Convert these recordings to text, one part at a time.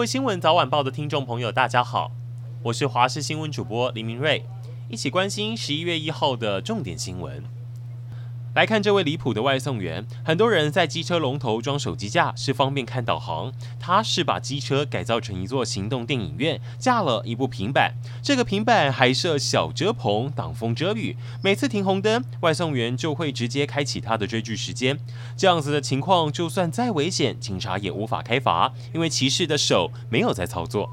各位新聞早晚報的聽眾朋友，大家好，我是華視新聞主播林明瑞，一起關心十一月一號的重點新聞。來看這位離譜的外送員，很多人在機車龍頭裝手機架是方便看導航，他是把機車改造成一座行動電影院，架了一部平板，這個平板還設小遮棚擋風遮雨，每次停紅燈，外送員就會直接開啟他的追劇時間。這樣子的情況就算再危險，警察也無法開罰，因為騎士的手沒有在操作。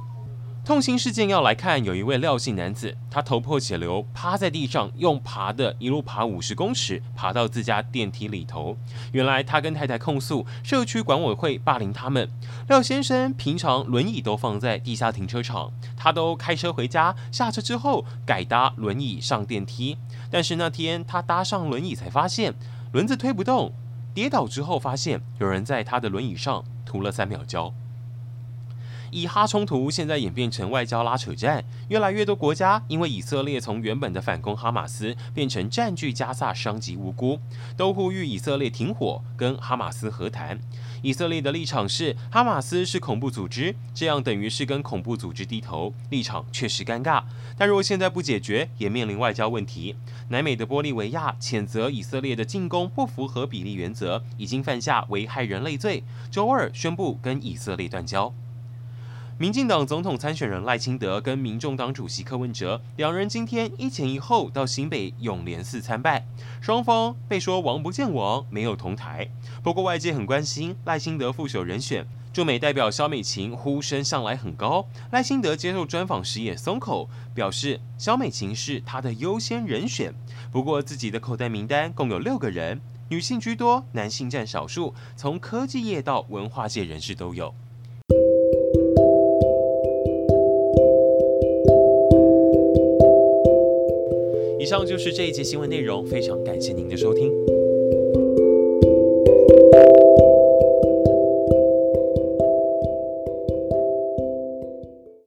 痛心事件要來看，有一位廖姓男子，他頭破血流，趴在地上，用爬的，一路爬五十公尺，爬到自家電梯裡頭。原來他跟太太控訴社區管委會霸凌他們。廖先生平常輪椅都放在地下停車場，他都開車回家，下車之後改搭輪椅上電梯。但是那天他搭上輪椅才發現，輪子推不動，跌倒之後發現有人在他的輪椅上塗了三秒膠。以哈衝突現在演變成外交拉扯戰，越來越多國家因為以色列從原本的反攻哈馬斯變成占據加薩傷及無辜，都呼籲以色列停火跟哈馬斯和談。以色列的立場是哈馬斯是恐怖組織，這樣等於是跟恐怖組織低頭，立場確實尷尬。但若現在不解決，也面臨外交問題。南美的玻利維亞譴責以色列的進攻不符合比例原則，已經犯下危害人類罪。週二宣布跟以色列斷交。民進黨總統參選人賴清德跟民眾黨主席柯文哲兩人今天一前一後到新北永聯寺參拜，雙方被說王不見王，沒有同台。不過外界很關心賴清德副手人選，駐美代表蕭美琴呼聲向來很高。賴清德接受專訪時也鬆口，表示蕭美琴是他的優先人選。不過自己的口袋名單共有六個人，女性居多，男性占少數，從科技業到文化界人士都有。以上就是這一節新聞內容，非常感謝您的收聽。